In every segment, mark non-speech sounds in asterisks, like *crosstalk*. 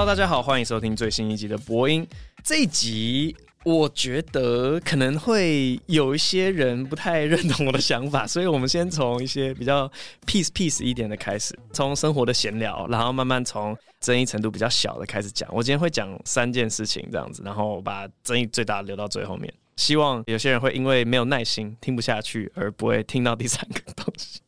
哈囉，大家好，歡迎收聽最新一集的播音。這一集我覺得可能會有一些人不太認同我的想法，所以我們先從一些比較 peace peace 一點的開始，從生活的閒聊，然後慢慢從爭議程度比較小的開始講。我今天會講三件事情，這樣子，然後把爭議最大的留到最後面。希望有些人會因為沒有耐心聽不下去，而不會聽到第三個東西。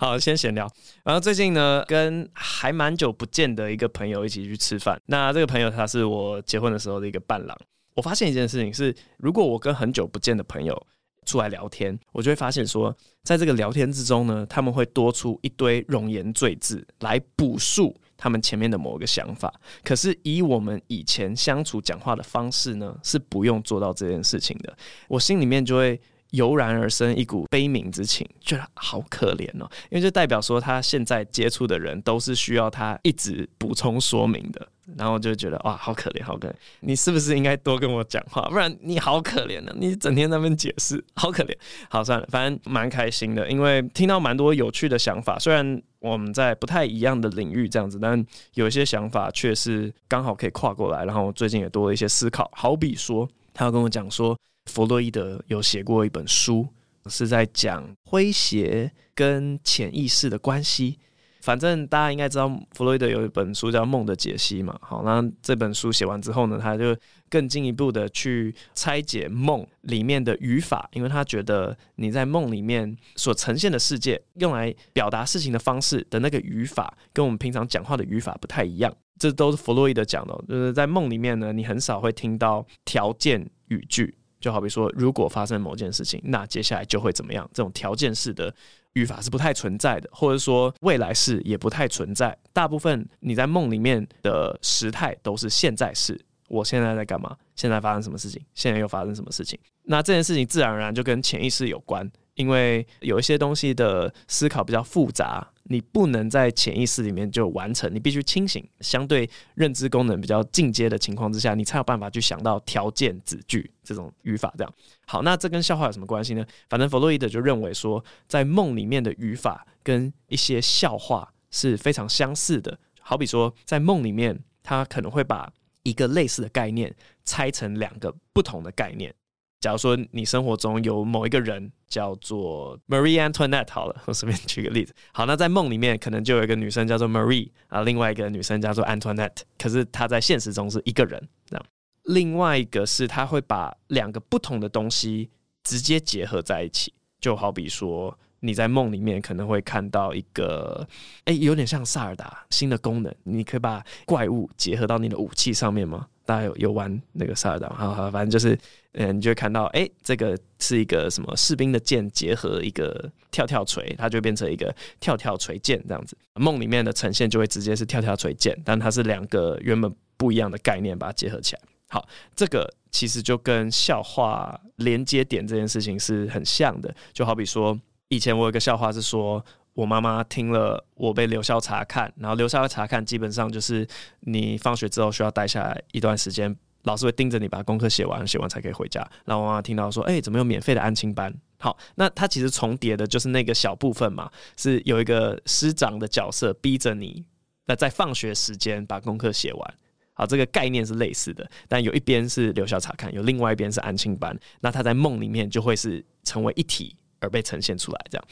好，先閒聊。然後最近呢，跟還蠻久不見的一個朋友一起去吃飯。那這個朋友他是我結婚的時候的一個伴郎。我發現一件事情是，如果我跟很久不見的朋友出來聊天，我就會發現說，在這個聊天之中呢，他們會多出一堆冗言贅字來補述他們前面的某一個想法。可是以我們以前相處講話的方式呢，是不用做到這件事情的。我心裡面就會。油然而生一股悲憫之情，覺得好可憐哦，因為就代表說他現在接觸的人都是需要他一直補充說明的，嗯、然後就覺得哇，好可憐，好可憐，你是不是應該多跟我講話？不然你好可憐呢、啊？你整天在那邊解釋，好可憐。好算了，反正蠻開心的，因為聽到蠻多有趣的想法，雖然我們在不太一樣的領域這樣子，但有一些想法卻是剛好可以跨過來。然後最近也多了一些思考，好比說，他要跟我講說。弗洛伊德有寫過一本書，是在講詼諧跟潛意識的關係。反正大家應該知道，弗洛伊德有一本書叫《夢的解析》嘛。好，那這本書寫完之後呢，他就更進一步的去拆解夢裡面的語法，因為他覺得你在夢裡面所呈現的世界，用來表達事情的方式的那個語法，跟我們平常講話的語法不太一樣。這都是弗洛伊德講的，就是在夢裡面呢，你很少會聽到條件語句。就好比說，如果發生某件事情，那接下來就會怎麼樣？這種條件式的語法是不太存在的，或者說未來式也不太存在。大部分你在夢裡面的時態都是現在式。我現在在幹嘛？現在發生什麼事情？現在又發生什麼事情？那這件事情自然而然就跟潛意識有關，因為有一些東西的思考比較複雜。你不能在潛意識裡面就完成，你必須清醒，相對認知功能比較進階的情況之下，你才有辦法去想到條件子句這種語法這樣。好，那這跟笑話有什麼關係呢？反正弗洛伊德就認為說，在夢裡面的語法跟一些笑話是非常相似的。好比說，在夢裡面，他可能會把一個類似的概念拆成兩個不同的概念。假如說你生活中有某一個人叫做 Marie Antoinette 好了，我隨便舉個例子。好，那在夢裡面可能就有一個女生叫做 Marie，啊，另外一個女生叫做 Antoinette，可是她在現實中是一個人。那另外一個是她會把兩個不同的東西直接結合在一起。就好比說你在夢裡面可能會看到一個，哎，有點像薩爾達新的功能，你可以把怪物結合到你的武器上面嗎？大家有有玩那個塞爾達嗎？好好，反正就是，嗯，你就會看到，哎、欸，這個是一個什麼士兵的劍結合一個跳跳錘，它就變成一個跳跳錘劍這樣子。夢裡面的呈現就會直接是跳跳錘劍，但它是兩個原本不一樣的概念把它結合起來。好，這個其實就跟笑話連接點這件事情是很像的，就好比說以前我有個笑話是說，我媽媽聽了，我被留校察看，然後留校察看基本上就是你放學之後需要待下來一段時間，老師會盯着你把功課寫完，寫完才可以回家。然後我媽媽聽到說，哎、欸，怎麼有免費的安親班？好，那它其實重疊的就是那個小部分嘛，是有一個師長的角色逼着你，那在放學時間把功課寫完。好，這個概念是類似的，但有一邊是留校察看，有另外一邊是安親班，那它在夢裡面就會是成為一體而被呈現出來，這樣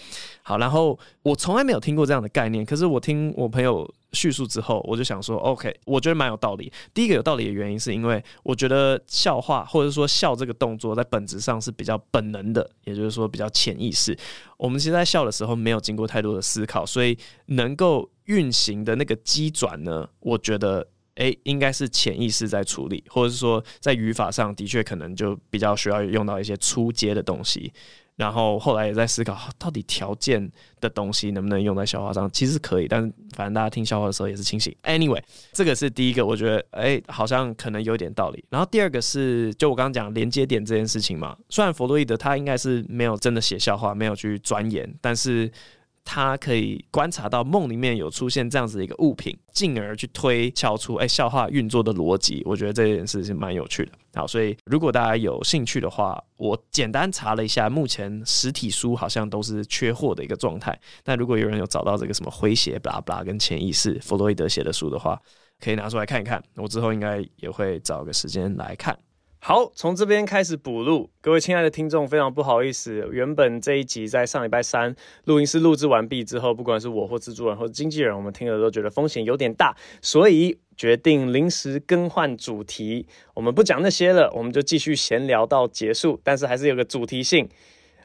好。然後我從來沒有聽過這樣的概念，可是我聽我朋友敘述之後，我就想說，OK，我覺得蠻有道理。第一個有道理的原因，是因為我覺得笑話或者說笑這個動作，在本質上是比較本能的，也就是說比較潛意識。我們其實，在笑的時候沒有經過太多的思考，所以能夠運行的那個機轉呢，我覺得，誒、欸，應該是潛意識在處理，或者是說在語法上的確可能就比較需要用到一些初階的東西。然後後來也在思考，到底條件的東西能不能用在笑話上？其實可以，但是反正大家聽笑話的時候也是清醒。Anyway，這個是第一個，我覺得誒、欸，好像可能有一點道理。然後第二個是，就我剛剛講連接點這件事情嘛。雖然弗洛伊德他應該是沒有真的寫笑話，沒有去鑽研，但是他可以觀察到夢裡面有出現這樣子的一個物品，進而去推敲出誒、欸，笑話運作的邏輯。我覺得這件事情蠻有趣的。好，所以如果大家有興趣的話，我簡單查了一下，目前實體書好像都是缺貨的一個狀態。但如果有人有找到這個什麼詼諧、bla bla 跟潛意識、弗洛伊德寫的書的話，可以拿出來看一看。我之後應該也會找個時間來看。好，從這邊開始補錄。各位親愛的聽眾，非常不好意思，原本這一集在上禮拜三錄音室錄制完畢之後，不管是我或制作人或經紀人，我們聽了都覺得風險有點大，所以決定臨時更換主題。我們不講那些了，我們就繼續閒聊到結束。但是還是有個主題性，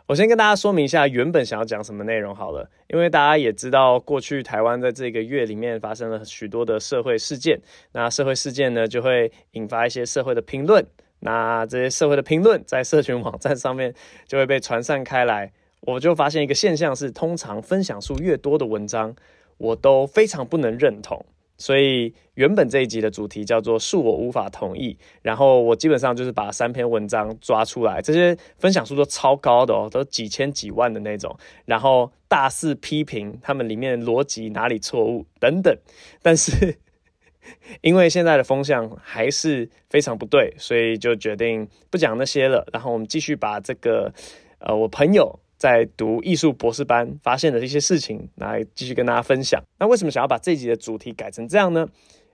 我先跟大家說明一下，原本想要講什麼內容好了。因為大家也知道，過去台灣在這個月裡面發生了許多的社會事件，那社會事件呢，就會引發一些社會的評論。那這些社會的評論在社群網站上面就會被傳散開來。我就發現一個現象是，通常分享數越多的文章，我都非常不能認同。所以原本這一集的主題叫做“恕我無法同意”，然後我基本上就是把三篇文章抓出來，這些分享數都超高的哦，都幾千幾萬的那種，然後大肆批評他們裡面邏輯哪裡錯誤等等。但是。因為現在的風向還是非常不對，所以就決定不講那些了。然後我們繼續把這個，呃，我朋友在讀藝術博士班發現的一些事情來繼續跟大家分享。那為什麼想要把這一集的主題改成這樣呢？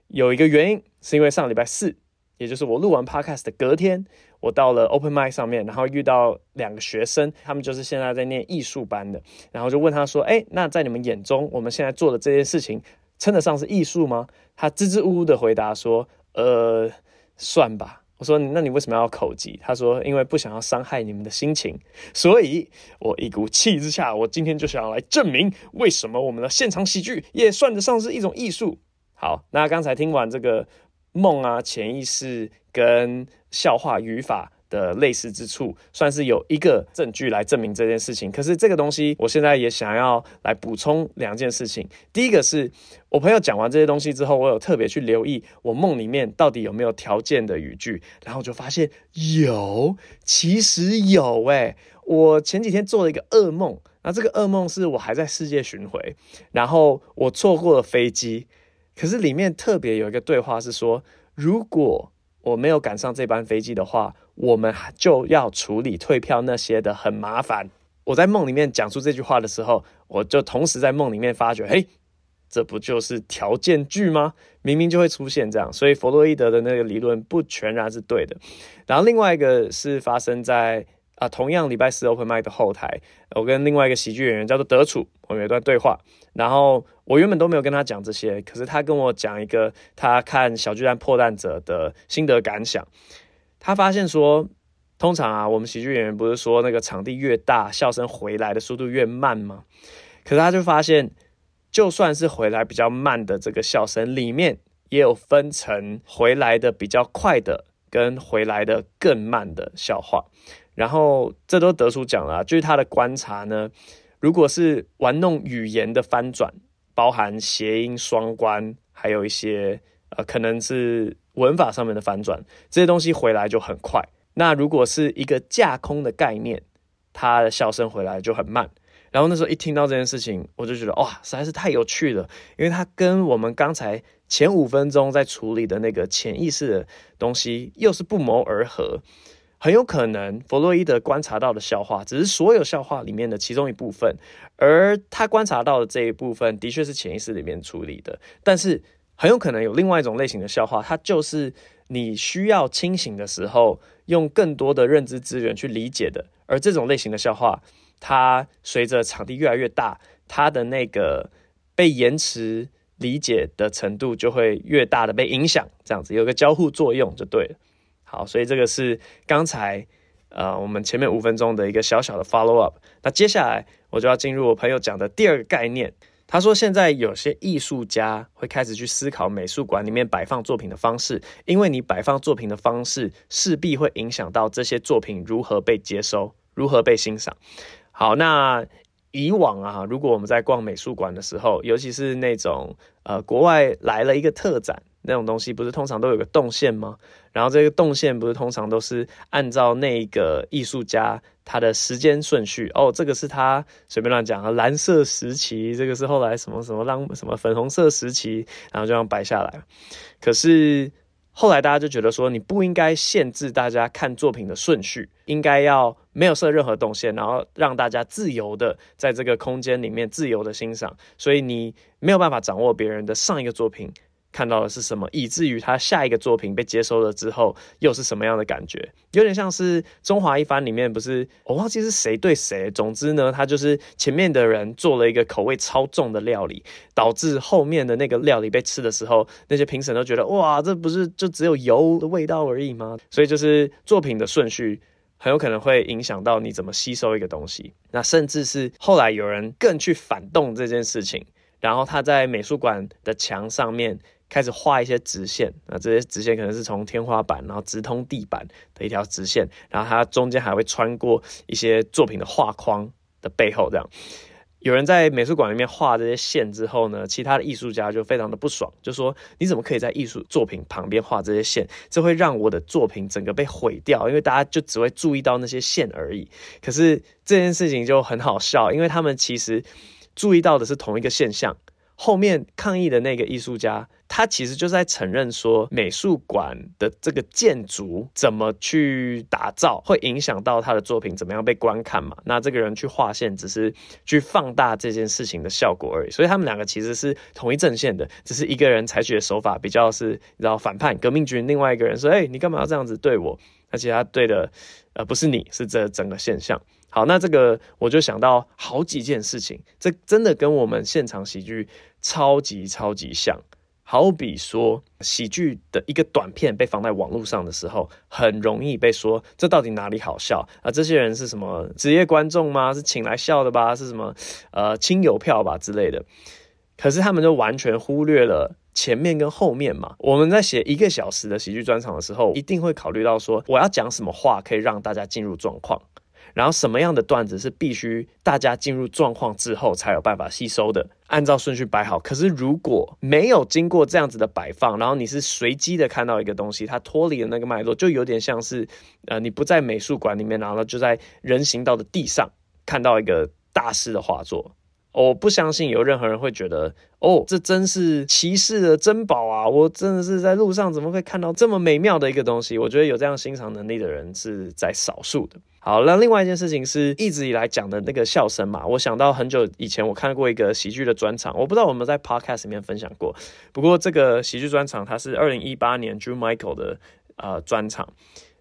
有一個原因是因為上禮拜四，也就是我錄完 podcast 的隔天，我到了 open mic 上面，然後遇到兩個學生，他們就是現在在念藝術班的，然後就問他說：“欸，那在你們眼中，我們現在做的這些事情？”稱得上是藝術嗎？他支支吾吾的回答說：“呃，算吧。”我說：“那你為什麼要口吃？”他說：“因為不想要傷害你們的心情。”所以，我一股氣之下，我今天就想要來證明為什麼我們的現場喜劇也算得上是一種藝術。好，那剛才聽完這個夢啊、潛意識跟笑話語法。的類似之處，算是有一個證據來證明這件事情。可是這個東西，我現在也想要來補充兩件事情。第一個是我朋友講完這些東西之後，我有特別去留意我夢裡面到底有沒有條件的語句，然後就發現有，其實有哎、欸。我前幾天做了一個噩夢，那這個噩夢是我還在世界巡迴，然後我錯過了飛機，可是裡面特別有一個對話是說，如果我沒有趕上這班飛機的話。我們就要處理退票那些的，很麻煩。我在夢裡面講出這句話的時候，我就同時在夢裡面發覺，嘿、欸，這不就是條件句嗎？明明就會出現這樣。所以弗洛伊德的那個理論不全然是對的。然後另外一個是發生在啊、呃，同樣禮拜四 Open Mic 的後台，我跟另外一個喜劇演員叫做德楚，我有一段對話。然後我原本都沒有跟他講這些，可是他跟我講一個他看《小巨蛋破蛋者》的心得感想。他發現說，通常啊，我們喜劇演員不是說那個場地越大，笑聲回來的速度越慢嗎？可是他就發現，就算是回來比較慢的這個笑聲裡面，也有分成回來的比較快的，跟回來的更慢的笑話。然後這都得出講了、啊，據、就是、他的觀察呢，如果是玩弄語言的翻轉，包含諧音、雙關，還有一些呃，可能是。文法上面的反轉，這些東西回來就很快。那如果是一個架空的概念，它的笑聲回來就很慢。然後那時候一聽到這件事情，我就覺得哇，實在是太有趣了，因為它跟我們剛才前五分鐘在處理的那個潛意識的東西又是不謀而合。很有可能弗洛伊德觀察到的笑話，只是所有笑話裡面的其中一部分，而他觀察到的這一部分，的確是潛意識裡面處理的，但是。很有可能有另外一種類型的笑話，它就是你需要清醒的時候用更多的認知資源去理解的。而這種類型的笑話，它隨着場地越來越大，它的那個被延遲理解的程度就會越大的被影響，這樣子有個交互作用就對了。好，所以這個是剛才呃我們前面五分鐘的一個小小的 follow up。那接下來我就要進入我朋友講的第二個概念。他說：“現在有些藝術家會開始去思考美術館裡面擺放作品的方式，因為你擺放作品的方式勢必會影響到這些作品如何被接收、如何被欣賞。好，那以往啊，如果我們在逛美術館的時候，尤其是那種呃國外來了一個特展。”那種東西不是通常都有個動線嗎？然後這個動線不是通常都是按照那個藝術家他的時間順序哦，這個是他隨便亂講啊。藍色時期，這個是後來什麼什麼浪什麼粉紅色時期，然後就這樣擺下來。可是後來大家就覺得說，你不應該限制大家看作品的順序，應該要沒有設任何動線，然後讓大家自由的在這個空間裡面自由的欣賞。所以你沒有辦法掌握別人的上一個作品看到的是什麼，以至於他下一個作品被接收了之後，又是什麼樣的感覺？有點像是《中華一番》裡面不是，我、哦、忘記是誰對誰。總之呢，他就是前面的人做了一個口味超重的料理，導致後面的那個料理被吃的時候，那些評審都覺得哇，這不是就只有油的味道而已嗎？所以就是作品的順序很有可能會影響到你怎麼吸收一個東西。那甚至是後來有人更去反動這件事情，然後他在美術館的牆上面。開始畫一些直線，那這些直線可能是從天花板，然後直通地板的一條直線，然後它中間還會穿過一些作品的畫框的背後。這樣，有人在美術館裡面畫這些線之後呢，其他的藝術家就非常的不爽，就說你怎麼可以在藝術作品旁邊畫這些線？這會讓我的作品整個被毀掉，因為大家就只會注意到那些線而已。可是這件事情就很好笑，因為他們其實注意到的是同一個現象，後面抗議的那個藝術家。他其實就是在承認說，美術館的這個建築怎麼去打造，會影響到他的作品怎麼樣被觀看嘛？那這個人去劃線，只是去放大這件事情的效果而已。所以他們兩個其實是同一陣線的，只是一個人採取的手法比較是然後反叛革命軍，另外一個人說，哎，你幹嘛要這樣子對我？而且他對的呃不是你，是這整個現象。好，那這個我就想到好幾件事情，這真的跟我們現場喜劇超級超級像。好比說，喜劇的一個短片被放在網絡上的時候，很容易被說，這到底哪裡好笑？啊、呃，這些人是什麼職業觀眾嗎？是請來笑的吧？是什麼，呃，親友票吧之類的。可是他們就完全忽略了前面跟後面嘛。我們在寫一個小時的喜劇專場的時候，一定會考慮到說，我要講什麼話可以讓大家進入狀況。然後什麼樣的段子是必須大家進入狀況之後才有辦法吸收的？按照順序擺好。可是如果沒有經過這樣子的擺放，然後你是隨機的看到一個東西，它脫離了那個脈絡，就有點像是，呃，你不在美術館裡面，然後就在人行道的地上看到一個大師的畫作。我不相信有任何人會覺得，哦，這真是騎士的珍寶啊！我真的是在路上怎麼會看到這麼美妙的一個東西？我覺得有這樣欣賞能力的人是在少數的。好，那另外一件事情是一直以來講的那個笑聲嘛，我想到很久以前我看過一個喜劇的專場，我不知道我們在 podcast 裡面分享過，不過這個喜劇專場它是二零一八年 Drew Michael 的呃專場，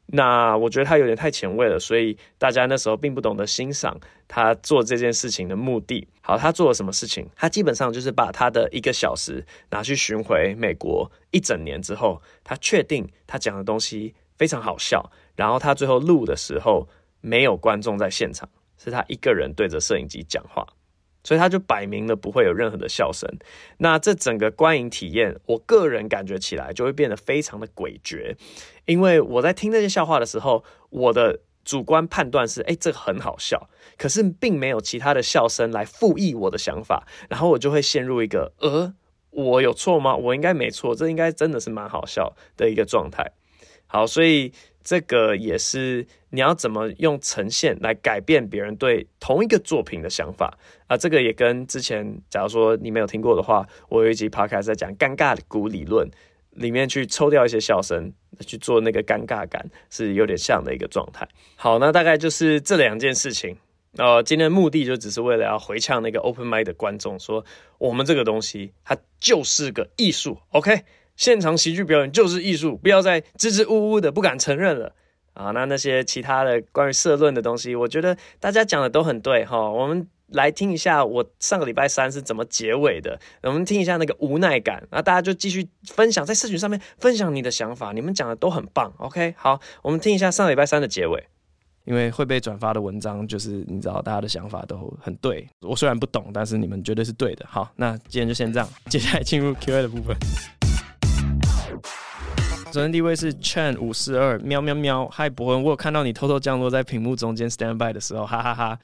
那我覺得他有點太前衛了，所以大家那時候並不懂得欣賞他做這件事情的目的。好，他做了什麼事情？他基本上就是把他的一個小時拿去巡迴美國一整年之後，他確定他講的東西非常好笑，然後他最後錄的時候。沒有觀眾在現場，是他一個人對着攝影機講話，所以他就擺明了不會有任何的笑聲。那這整個觀影體驗，我個人感覺起來就會變得非常的詭譎，因為我在聽這些笑話的時候，我的主觀判斷是：誒，這個很好笑。可是並沒有其他的笑聲來附議我的想法，然後我就會陷入一個：呃，我有錯嗎？我應該沒錯，這應該真的是蠻好笑的一個狀態。好，所以。這個也是你要怎麼用呈現來改變別人對同一個作品的想法啊、呃？這個也跟之前，假如說你沒有聽過的話，我有一集 p 開在講尷尬的谷理論，裡面去抽掉一些笑聲去做那個尷尬感，是有點像的一個狀態。好，那大概就是這兩件事情。那、呃、今天目的就只是為了要回嗆那個 open m i n d 的觀眾，說我們這個東西它就是個藝術，OK？現場喜劇表演就是藝術，不要再支支吾吾的不敢承認了啊！那那些其他的關於社論的東西，我覺得大家講的都很對哈。我們來聽一下我上個禮拜三是怎麼結尾的，我們聽一下那個無奈感。那大家就繼續分享，在社群上面分享你的想法，你們講的都很棒。OK，好，我們聽一下上個禮拜三的結尾，因為會被轉發的文章就是你知道，大家的想法都很對。我雖然不懂，但是你們絕對是對的。好，那今天就先這樣，接下來進入 Q&A 的部分。首先第一位是 chan 五四二喵喵喵，嗨博恩，我有看到你偷偷降落在屏幕中間 stand by 的時候，哈哈哈，哈。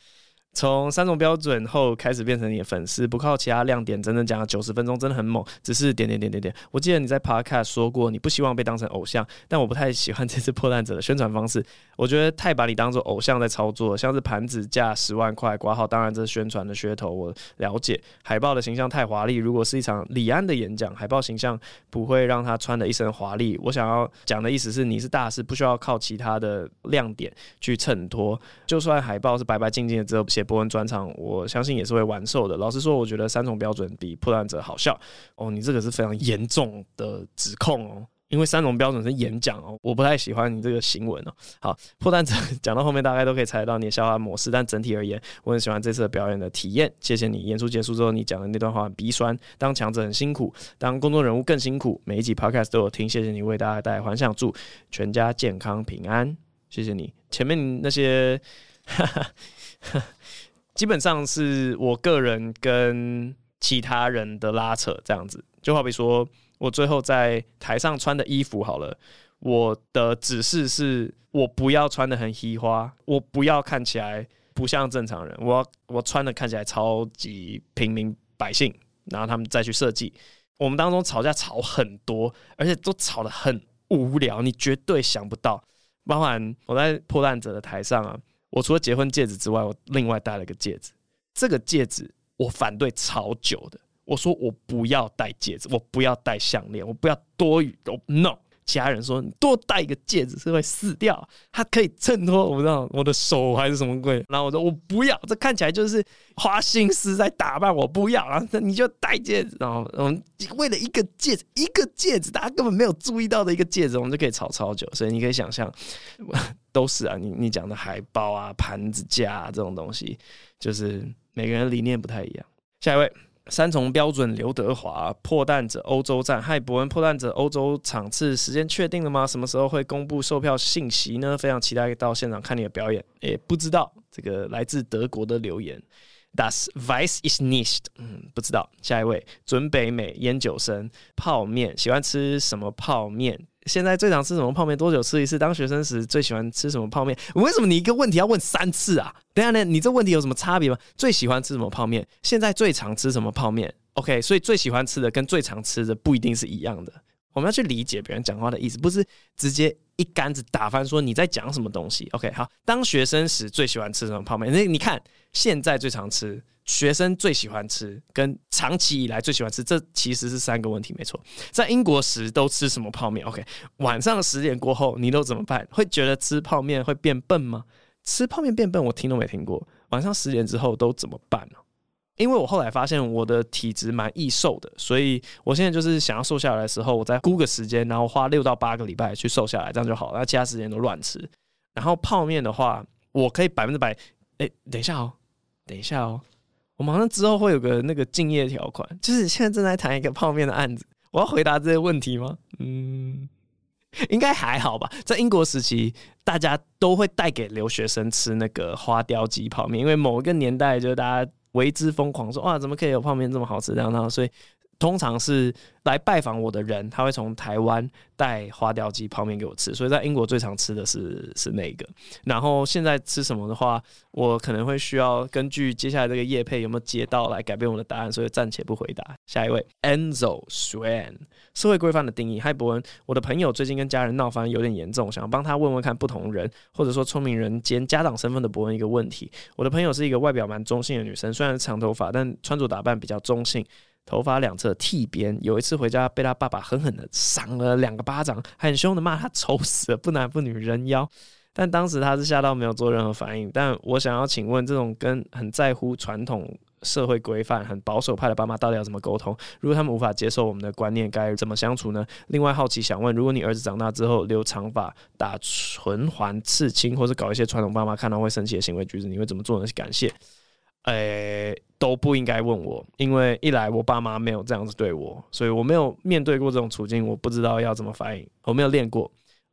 從三種標準後開始變成你的粉絲，不靠其他亮點，整整講了九十分鐘，真的很猛。只是點點點點點。我記得你在 Podcast 說過，你不希望被當成偶像，但我不太喜歡這次破蛋者的宣傳方式，我覺得太把你當做偶像在操作，像是盤子價十萬塊掛號，當然這是宣傳的噱頭，我了解。海報的形象太華麗，如果是一場李安的演講，海報形象不會讓他穿得一身華麗。我想要講的意思是，你是大師，不需要靠其他的亮點去襯托，就算海報是白白淨淨的，只有寫。博文專場，我相信也是會完售的。老實說，我覺得三重標準比破蛋者好笑哦。你這個是非常嚴重的指控哦，因為三重標準是演講哦，我不太喜歡你這個行文哦。好，破蛋者講到後面大概都可以猜得到你的笑話模式，但整體而言，我很喜歡這次的表演的體驗。謝謝你，演出結束之後你講的那段話很鼻酸，當強者很辛苦，當公眾人物更辛苦。每一集 podcast 都有聽，謝謝你為大家帶來歡笑，祝全家健康平安。謝謝你前面那些。 *laughs* 基本上是我個人跟其他人的拉扯這樣子，就好比說我最後在台上穿的衣服好了，我的指示是我不要穿的很嘻哈，我不要看起來不像正常人，我我穿的看起來超級平民百姓，然後他們再去設計，我們當中吵架吵很多，而且都吵得很無聊，你絕對想不到，包含我在破蛋者的台上啊。我除了結婚戒指之外，我另外戴了個戒指。這個戒指我反對超久的，我說我不要戴戒指，我不要戴項鏈，我不要多餘。No。家人說：“你多戴一個戒指是會死掉，它可以襯托我不知道我的手還是什麼鬼。”然後我說：“我不要，這看起來就是花心思在打扮，我不要。”然後你就戴戒指，然後我們為了一個戒指，一個戒指，大家根本沒有注意到的一個戒指，我們就可以吵超久。所以你可以想象，都是啊。你你講的海報啊、盤子架啊，這種東西，就是每個人理念不太一樣。下一位。三重標準，劉德華破蛋者歐洲站，嗨博恩破蛋者歐洲場次時間確定了嗎？什麼時候會公布售票信息呢？非常期待到現場看你的表演。哎、欸，不知道這個來自德國的留言，Das weiß ich nicht。嗯，不知道。下一位準北美研究生泡麵，喜歡吃什麼泡面？現在最常吃什麼泡面？多久吃一次？當學生時最喜歡吃什麼泡面？為什麼你一個問題要問三次啊？等下呢？你這問題有什麼差別嗎？最喜歡吃什麼泡面？現在最常吃什麼泡面？OK，所以最喜歡吃的跟最常吃的不一定是一樣的。我們要去理解別人講話的意思，不是直接一竿子打翻說你在講什麼東西。OK，好，當學生時最喜歡吃什麼泡面？那你看現在最常吃。學生最喜歡吃，跟長期以來最喜歡吃，這其實是三個問題，沒錯。在英國時都吃什麼泡麵？OK，晚上十點過後你都怎麼辦？會覺得吃泡麵會變笨嗎？吃泡麵變笨，我聽都沒聽過。晚上十點之後都怎麼辦呢？因為我後來發現我的體質蠻易瘦的，所以我現在就是想要瘦下來的時候，我再估個時間，然後花六到八個禮拜去瘦下來，這樣就好了。那其他時間都亂吃。然後泡麵的話，我可以百分之百。哎，等一下哦、喔，等一下哦、喔。我們好像之後會有個那個競業條款，就是現在正在談一個泡面的案子，我要回答這些問題嗎？嗯，應該還好吧。在英國時期，大家都會帶給留學生吃那個花雕雞泡麵，因為某一個年代就是大家為之瘋狂說，說哇，怎麼可以有泡面這麼好吃這樣，然後，所以。通常是來拜訪我的人，他會從台灣帶花雕雞泡面給我吃，所以在英國最常吃的是是那個。然後現在吃什麼的話，我可能會需要根據接下來這個業配有沒有接到來改變我的答案，所以暫且不回答。下一位 Enzo Swan 社會規範的定義，嗨博恩，我的朋友最近跟家人鬧翻，有點嚴重，想要幫他問問看不同人或者說聰明人兼家長身份的博恩一個問題。我的朋友是一個外表蠻中性的女生，雖然是長頭髮，但穿着打扮比較中性。頭髮兩側剃邊，有一次回家被他爸爸狠狠地賞了兩個巴掌，很凶的罵他醜死了，不男不女人妖。但當時他是嚇到沒有做任何反應。但我想要請問，這種跟很在乎傳統社會規範、很保守派的爸媽到底要怎麼溝通？如果他們無法接受我們的觀念，該怎麼相處呢？另外好奇想問，如果你兒子長大之後留長髮、打唇環、刺青，或者搞一些傳統爸媽看到會生氣的行為舉止，你會怎麼做呢？感謝。欸，都不應該問我，因為一來我爸媽沒有這樣子對我，所以我沒有面對過這種處境，我不知道要怎麼反應，我沒有練過。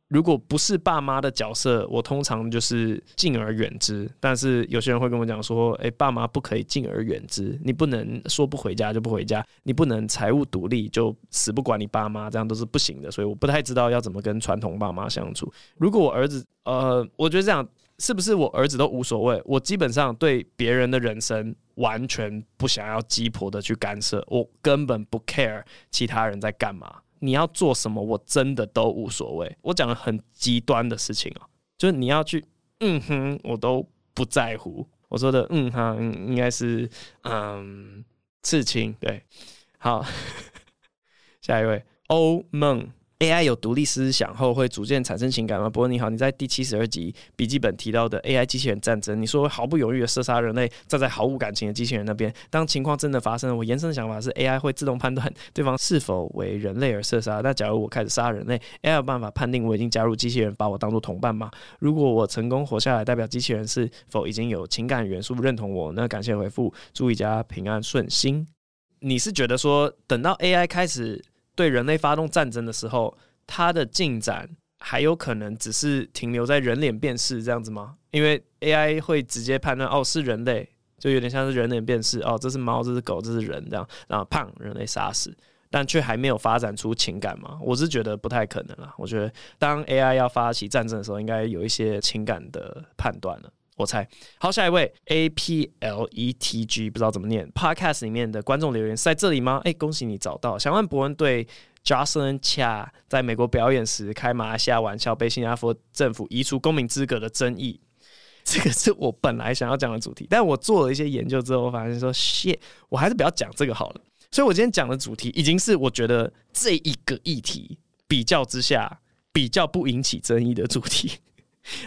如果不是爸媽的角色，我通常就是敬而遠之。但是有些人會跟我講說：“欸，爸媽不可以敬而遠之，你不能說不回家就不回家，你不能財務獨立就死不管你爸媽，這樣都是不行的。”所以我不太知道要怎麼跟傳統爸媽相處。如果我兒子，呃，我覺得這樣。是不是，我兒子都無所謂？我基本上對別人的人生完全不想要雞婆的去干涉，我根本不 care 其他人在幹嘛。你要做什麼，我真的都無所謂。我講的很極端的事情啊、喔，就是你要去，嗯哼，我都不在乎。我說的嗯，嗯哼，應該是嗯、呃，刺青，對。好， *laughs* 下一位，歐夢。AI 有獨立思想後會逐漸產生情感嗎？博恩你好，你在第七十二集筆記本提到的 AI 機器人戰爭，你說毫不猶豫地射殺人類，站在毫無感情的機器人那邊。當情況真的發生了，我延伸的想法是 AI 會自動判斷對方是否為人類而射殺。那假如我開始殺人類，AI 有辦法判定我已經加入機器人，把我當作同伴嗎？如果我成功活下來，代表機器人是否已經有情感元素認同我？那感謝回復，祝一家平安順心。你是覺得說等到 AI 開始？對人類發動戰爭的時候，它的進展還有可能只是停留在人臉辨識這樣子嗎？因為 AI 會直接判斷哦，是人類，就有點像是人臉辨識哦，這是貓，這是狗，這是人這樣，然後砰人類殺死，但卻還沒有發展出情感嗎？我是覺得不太可能了。我覺得當 AI 要發起戰爭的時候，應該有一些情感的判斷了。我猜，好，下一位 A P L E T G 不知道怎麼念。Podcast 裡面的觀眾留言是在這裡嗎？哎、欸，恭喜你找到。想問博恩對 Jocelyn Chia 在美國表演時開馬來西亞玩笑，被新加坡政府移除公民資格的爭議，這個是我本來想要講的主題，但我做了一些研究之後，我發現說 shit，我還是不要講這個好了。所以我今天講的主題，已經是我覺得這一個議題比較之下，比較不引起爭議的主題。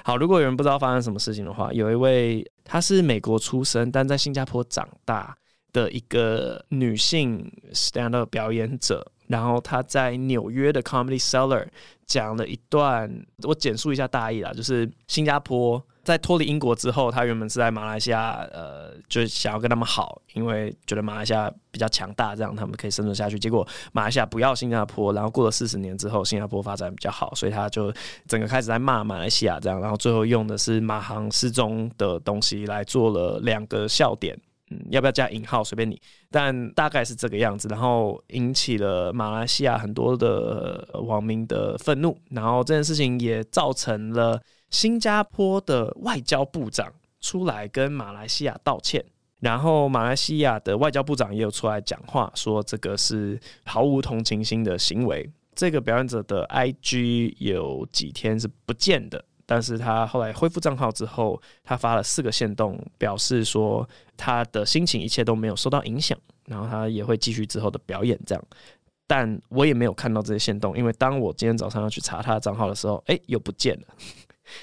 好，如果有人不知道發生什麼事情的話，有一位她是美國出生但在新加坡長大的一個女性 stand-up 表演者，然後她在紐約的 comedy cellar 講了一段，我簡述一下大意啦，就是新加坡。在脫離英國之後，他原本是在馬來西亞，呃，就想要跟他們好，因為覺得馬來西亞比較強大，這樣他們可以生存下去。結果馬來西亞不要新加坡，然後過了四十年之後，新加坡發展比較好，所以他就整個開始在罵馬來西亞這樣，然後最後用的是馬航失蹤的東西來做了兩個笑點，嗯，要不要加引號隨便你，但大概是這個樣子，然後引起了馬來西亞很多的呃、網民的憤怒，然後這件事情也造成了。新加坡的外交部長出來跟馬來西亞道歉，然後馬來西亞的外交部長也有出來講話，說這個是毫無同情心的行為。這個表演者的 IG 有幾天是不見的，但是他後來恢復賬號之後，他發了四個限動，表示說他的心情一切都沒有受到影響，然後他也會繼續之後的表演這樣。但我也沒有看到這些限動，因為當我今天早上要去查他的賬號的時候，哎、欸，又不見了。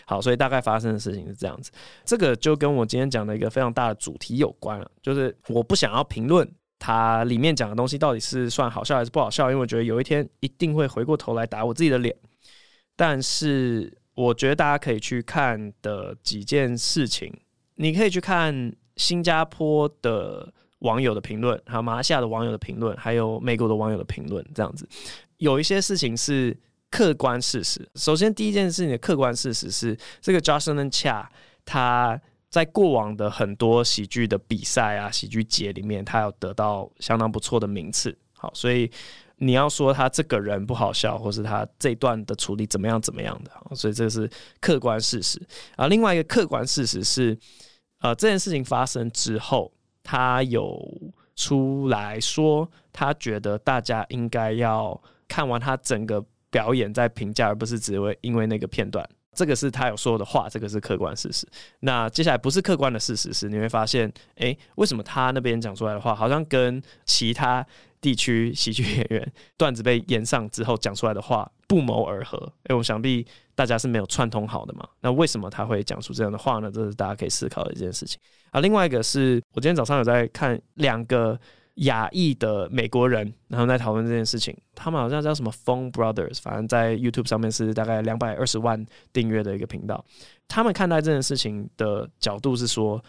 好，所以大概發生的事情是這樣子，這個就跟我今天講的一個非常大的主題有關了，啊，就是我不想要評論它裡面講的東西到底是算好笑還是不好笑，因為我覺得有一天一定會回過頭來打我自己的臉。但是我覺得大家可以去看的幾件事情，你可以去看新加坡的網友的評論，還有馬來西亞的網友的評論，還有美國的網友的評論，這樣子有一些事情是。客觀事實，首先第一件事情的客觀事實是，這個 Jocelyn Chia 他在過往的很多喜劇的比賽啊、喜劇節裡面，他有得到相當不錯的名次。好，所以你要說他這個人不好笑，或是他這段的處理怎麼樣、怎麼樣的，所以這是客觀事實。而、啊、另外一個客觀事實是，呃，這件事情發生之後，他有出來說，他覺得大家應該要看完他整個。表演在評價，而不是只為因為那個片段。這個是他有說的話，這個是客觀的事實。那接下來不是客觀的事實是，你會發現，誒，為什麼他那邊講出來的話，好像跟其他地區喜劇演員段子被炎上之後講出來的話不謀而合？誒，我想必大家是沒有串通好的嘛。那為什麼他會講出這樣的話呢？這是大家可以思考的一件事情。啊，另外一個是，我今天早上有在看兩個。亞裔的美國人，然後在討論這件事情。他們好像叫什麼 Fong Brothers，反正在 YouTube 上面是大概兩百二十萬訂閱的一個頻道。他們看待這件事情的角度是說，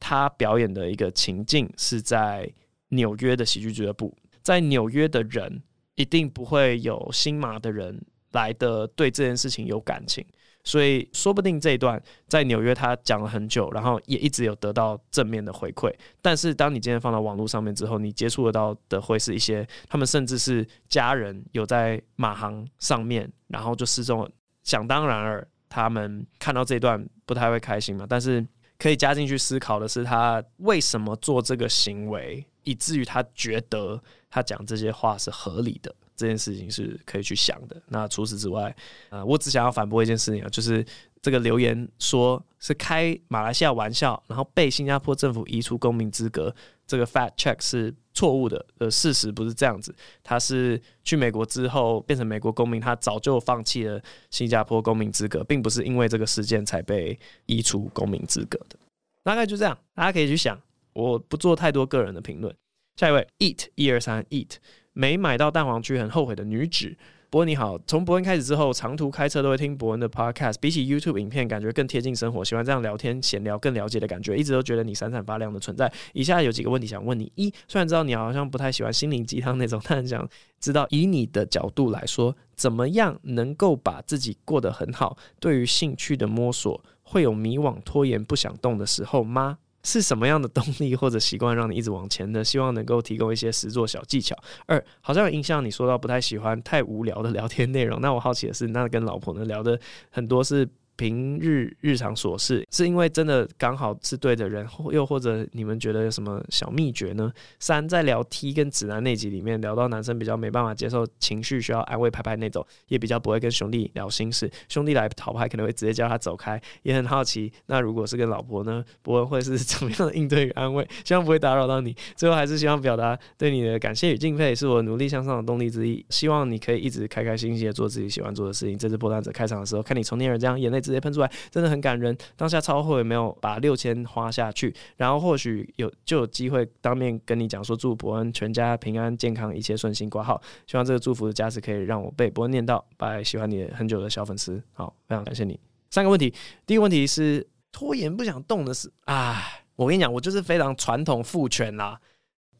他表演的一個情境是在紐約的喜劇俱樂部，在紐約的人一定不會有新馬的人來的對這件事情有感情。所以說不定這一段在紐約他講了很久，然後也一直有得到正面的回饋。但是當你今天放到網絡上面之後，你接觸得到的會是一些他們甚至是家人有在馬航上面，然後就失蹤了。想當然耳，他們看到這一段不太會開心嘛。但是可以加進去思考的是，他為什麼做這個行為，以至於他覺得他講這些話是合理的。這件事情是可以去想的。那除此之外，啊、呃，我只想要反駁一件事情啊，就是這個留言說是開馬來西亞玩笑，然後被新加坡政府移除公民資格，這個 fact check 是錯誤的。呃，事實不是這樣子，他是去美國之後變成美國公民，他早就放棄了新加坡公民資格，並不是因為這個事件才被移除公民資格的。大概就這樣，大家可以去想，我不做太多個人的評論。下一位，eat 一二三，eat。沒買到蛋黃焗很後悔的女子，博恩你好，從博恩開始之後，長途開車都會聽博恩的 podcast，比起 YouTube 影片，感覺更貼近生活，喜歡這樣聊天閒聊，更了解的感覺，一直都覺得你閃閃發亮的存在。以下有幾個問題想問你：一，雖然知道你好像不太喜歡心靈雞湯那種，但是想知道以你的角度來說，怎麼樣能夠把自己過得很好？對於興趣的摸索，會有迷惘、拖延、不想動的時候嗎？是什麼樣的動力或者習慣讓你一直往前呢？希望能夠提供一些實作小技巧。二，好像印象你說到不太喜歡太無聊的聊天內容。那我好奇的是，那跟老婆呢聊的很多是？平日日常瑣事，是因為真的剛好是對的人，或又或者你們覺得有什麼小秘訣呢？三，在聊 T 跟指南那集裡面聊到男生比較沒辦法接受情緒，需要安慰拍拍那種，也比較不會跟兄弟聊心事，兄弟來討拍可能會直接叫他走開。也很好奇，那如果是跟老婆呢，博恩會是怎麼樣的應對與安慰？希望不會打擾到你。最後還是希望表達對你的感謝與敬佩，是我努力向上的動力之一。希望你可以一直開開心心的做自己喜歡做的事情。這次破蛋者開場的時候，看你從天而降，眼淚直直接噴出來，真的很感人。當下超後沒有把六千花下去？然後或許有就有機會當面跟你講說，祝伯恩全家平安健康，一切順心。掛號，希望這個祝福的加持可以讓我被伯恩念到。拜，喜歡你很久的小粉絲，好，非常感謝你。三個問題，第一個問題是拖延不想動的是啊，我跟你講，我就是非常傳統父權啦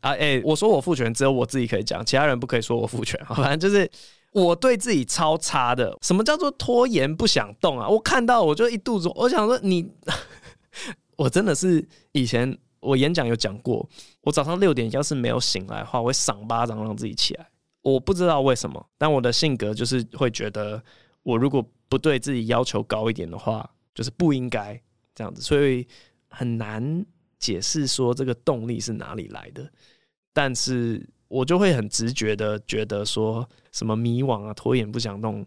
啊，誒、啊欸，我說我父權，只有我自己可以講，其他人不可以說我父權，好吧，反正就是。我對自己超差的，什麼叫做拖延不想動啊？我看到我就一肚子，我想說你， *laughs* 我真的是以前我演講有講過，我早上六點要是沒有醒來的話，我會賞巴掌讓自己起來。我不知道為什麼，但我的性格就是會覺得，我如果不對自己要求高一點的話，就是不應該這樣子，所以很難解釋說這個動力是哪裡來的，但是。我就會很直覺的覺得說什麼迷惘啊，拖延不想弄，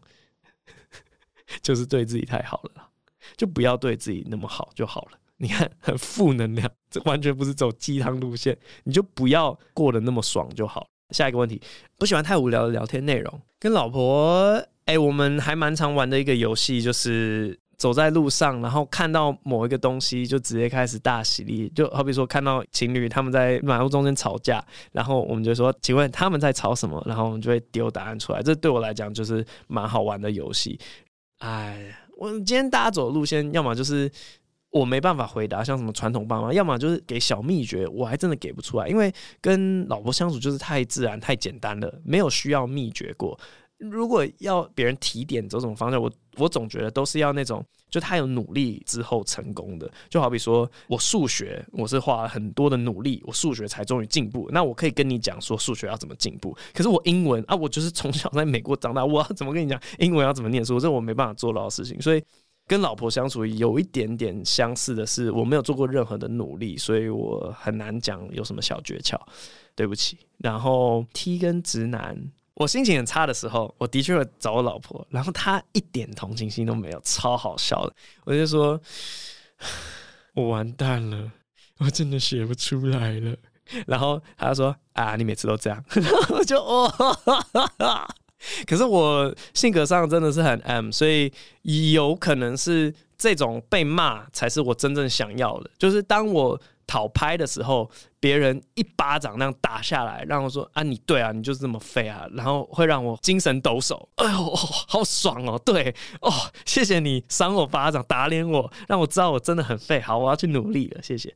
就是對自己太好了，就不要對自己那麼好就好了。你看，很負能量，這完全不是走雞湯路線，你就不要過得那麼爽就好了。下一個問題，不喜歡太無聊的聊天內容，跟老婆，哎、欸，我們還蠻常玩的一個遊戲就是。走在路上，然後看到某一個東西，就直接開始大喜利，就好比說看到情侶他們在馬路中間吵架，然後我們就說，請問他們在吵什麼？然後我們就會丟答案出來。這對我來講就是蠻好玩的遊戲。哎，我今天大家走的路線，要麼就是我沒辦法回答，像什麼傳統爸媽，要麼就是給小祕訣，我還真的給不出來，因為跟老婆相處就是太自然、太簡單了，沒有需要祕訣過。如果要別人提點走這種方向，我我總覺得都是要那種就他有努力之後成功的，就好比說我數學我是花了很多的努力，我數學才終於進步。那我可以跟你講說數學要怎麼進步。可是我英文啊，我就是從小在美國長大，我要怎麼跟你講英文要怎麼唸書？這我沒辦法做到的事情。所以跟老婆相處有一點點相似的是，我沒有做過任何的努力，所以我很難講有什麼小訣竅。對不起。然後 T 跟直男。我心情很差的時候，我的確會找我老婆，然後她一點同情心都沒有，超好笑的。我就說，我完蛋了，我真的寫不出來了。然後她說，啊，你每次都這樣。然後我就，哦哈哈，可是我性格上真的是很 M，所以有可能是這種被罵才是我真正想要的，就是當我。討拍的時候，別人一巴掌那樣打下來，讓我說啊，你對啊，你就是這麼廢啊，然後會讓我精神抖擻，哎呦、哦，好爽哦，對哦，謝謝你扇我巴掌，打臉我，讓我知道我真的很廢，好，我要去努力了，謝謝。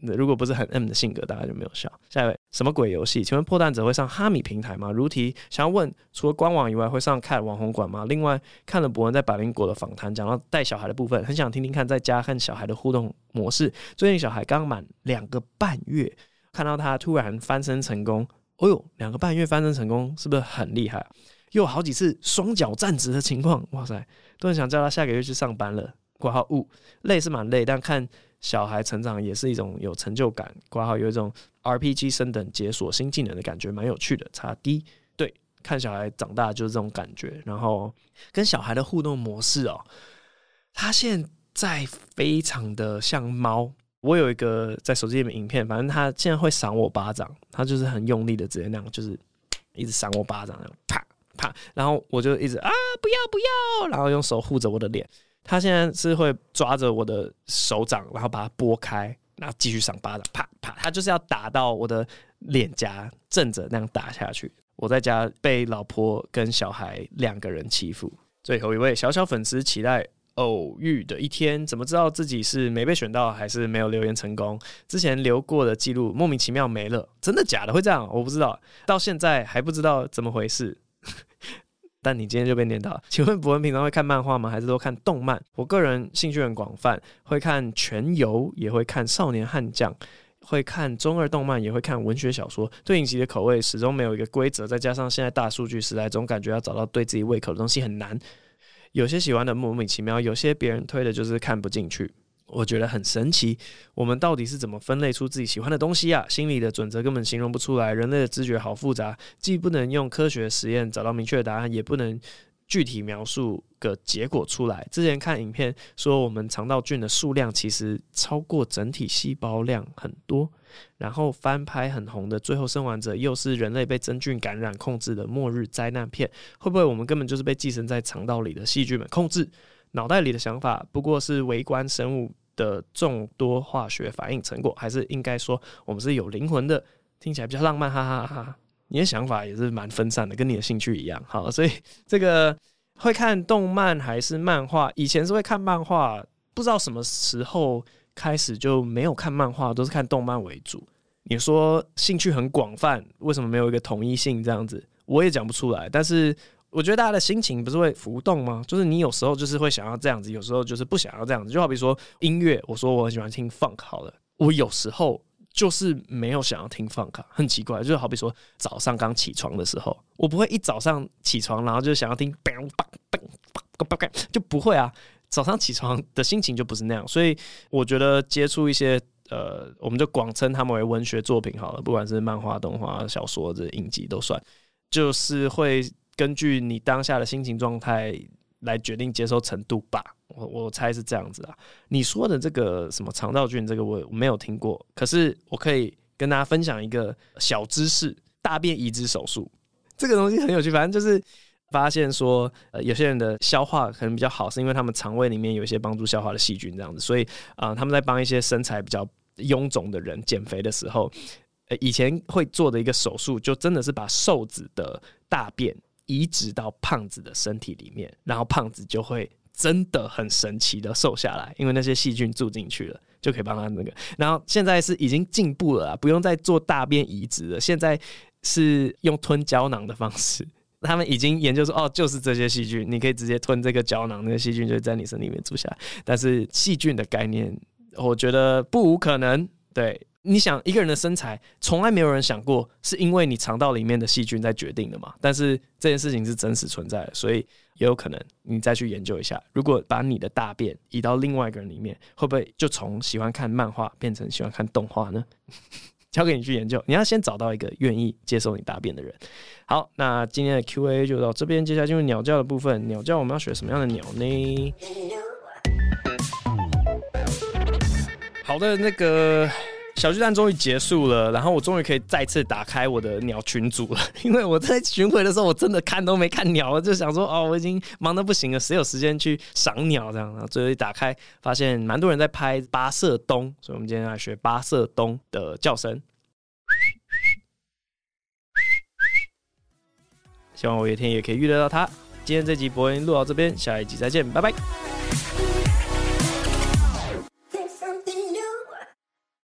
如果不是很 M 的性格，大概就沒有笑。下一位，什麼鬼遊戲？請問破蛋者會上哈米平台嗎？如題，想要問除了官網以外，會上看網紅館嗎？另外，看了博文在百靈果的訪談，講到帶小孩的部分，很想聽聽看在家和小孩的互動模式。最近小孩剛滿兩個半月，看到他突然翻身成功，哦呦，兩個半月翻身成功是不是很厲害啊？又有好幾次雙腳站直的情況，哇塞，都很想叫他下個月去上班了。括號誤，累是蠻累，但看。小孩成長也是一種有成就感，括號有一種 RPG 升等解鎖新技能的感覺，蠻有趣的。差 D。對，看小孩長大就是這種感覺。然後跟小孩的互動模式哦、喔，他現在非常的像貓。我有一個在手機裡面影片，反正他現在會賞我巴掌，他就是很用力的直接那樣，就是一直賞我巴掌，那樣啪啪，然後我就一直啊不要不要，然後用手護着我的臉。他現在是會抓着我的手掌，然後把它撥開，然後繼續上巴掌，啪啪，他就是要打到我的臉頰，正着那樣打下去。我在家被老婆跟小孩兩個人欺負。最後一位小小粉絲期待偶遇的一天，怎麼知道自己是沒被選到，還是沒有留言成功？之前留過的記錄莫名其妙沒了，真的假的？會這樣？我不知道，到現在還不知道怎麼回事。 *laughs* 但你今天就被念叨了。請問博恩平常會看漫畫嗎？還是都看動漫？我個人興趣很廣泛，會看權遊，也會看少年悍將，會看中二動漫，也會看文學小說。對影集的口味始終沒有一個規則，再加上現在大數據時代，總感覺要找到對自己胃口的東西很難。有些喜歡的莫名其妙，有些別人推的就是看不進去。我覺得很神奇，我們到底是怎麼分類出自己喜歡的東西呀、啊？心理的準則根本形容不出來，人類的知覺好複雜，既不能用科學實驗找到明確的答案，也不能具體描述個結果出來。之前看影片說，我們腸道菌的數量其實超過整體細胞量很多，然後翻拍很紅的《最後生還者》，又是人類被真菌感染控制的末日災難片，會不會我們根本就是被寄生在腸道裡的細菌們控制？腦袋裡的想法不過是微觀生物的眾多化學反應成果，還是應該說我們是有靈魂的？聽起來比較浪漫，哈哈哈哈！你的想法也是蠻分散的，跟你的興趣一樣。好，所以這個會看動漫還是漫畫？以前是會看漫畫，不知道什麼時候開始就沒有看漫畫，都是看動漫為主。你說興趣很廣泛，為什麼沒有一個統一性？這樣子我也講不出來，但是。我覺得大家的心情不是會浮動嗎？就是你有時候就是會想要這樣子，有時候就是不想要這樣子。就好比說音樂，我說我很喜歡聽 funk 好了，我有時候就是沒有想要聽 funk 啊，很奇怪。就是，好比說早上剛起床的時候，我不會一早上起床然後就想要聽 bang bang bang bang，就不會啊。早上起床的心情就不是那樣，所以我覺得接觸一些呃，我們就廣稱他們為文學作品好了，不管是漫畫、動畫、小說、這些影集都算，就是會。根據你當下的心情狀態來決定接受程度吧，我，我我猜是這樣子啊。你說的這個什麼腸道菌，這個我，我沒有聽過，可是我可以跟大家分享一個小知識：大便移植手術這個東西很有趣，反正就是發現說，呃，有些人的消化可能比較好，是因為他們腸胃裡面有一些幫助消化的細菌，這樣子。所以啊、呃，他們在幫一些身材比較臃腫的人減肥的時候，呃，以前會做的一個手術，就真的是把瘦子的大便，移植到胖子的身體裡面，然後胖子就會真的很神奇的瘦下來，因為那些細菌住進去了，就可以幫他那、這個。然後現在是已經進步了，啊，不用再做大便移植了，現在是用吞膠囊的方式。他們已經研究說，哦，就是這些細菌，你可以直接吞這個膠囊，那細、個、菌就在你身體裡面住下來。但是細菌的概念，我覺得不無可能，對。你想一個人的身材，從來沒有人想過是因為你腸道裡面的細菌在決定的嘛？但是這件事情是真實存在的，所以也有可能你再去研究一下，如果把你的大便移到另外一個人裡面，會不會就從喜歡看漫畫變成喜歡看動畫呢？ *laughs* 交給你去研究，你要先找到一個願意接受你大便的人。好，那今天的 Q A 就到這邊，接下來進入鳥叫的部分。鳥叫，我們要學什麼樣的鳥呢？嗯、好的，那個。小巨蛋終於結束了，然後我終於可以再次打開我的鳥群組了。因為我在巡迴的時候，我真的看都沒看鳥，我就想說哦，我已經忙得不行了，誰有時間去賞鳥這樣。然後最後一打開，發現蠻多人在拍八色鶇，所以我們今天來學八色鶇的叫聲。希望我有一天也可以遇得到它。今天這集播音錄到這邊，下一集再見，拜拜。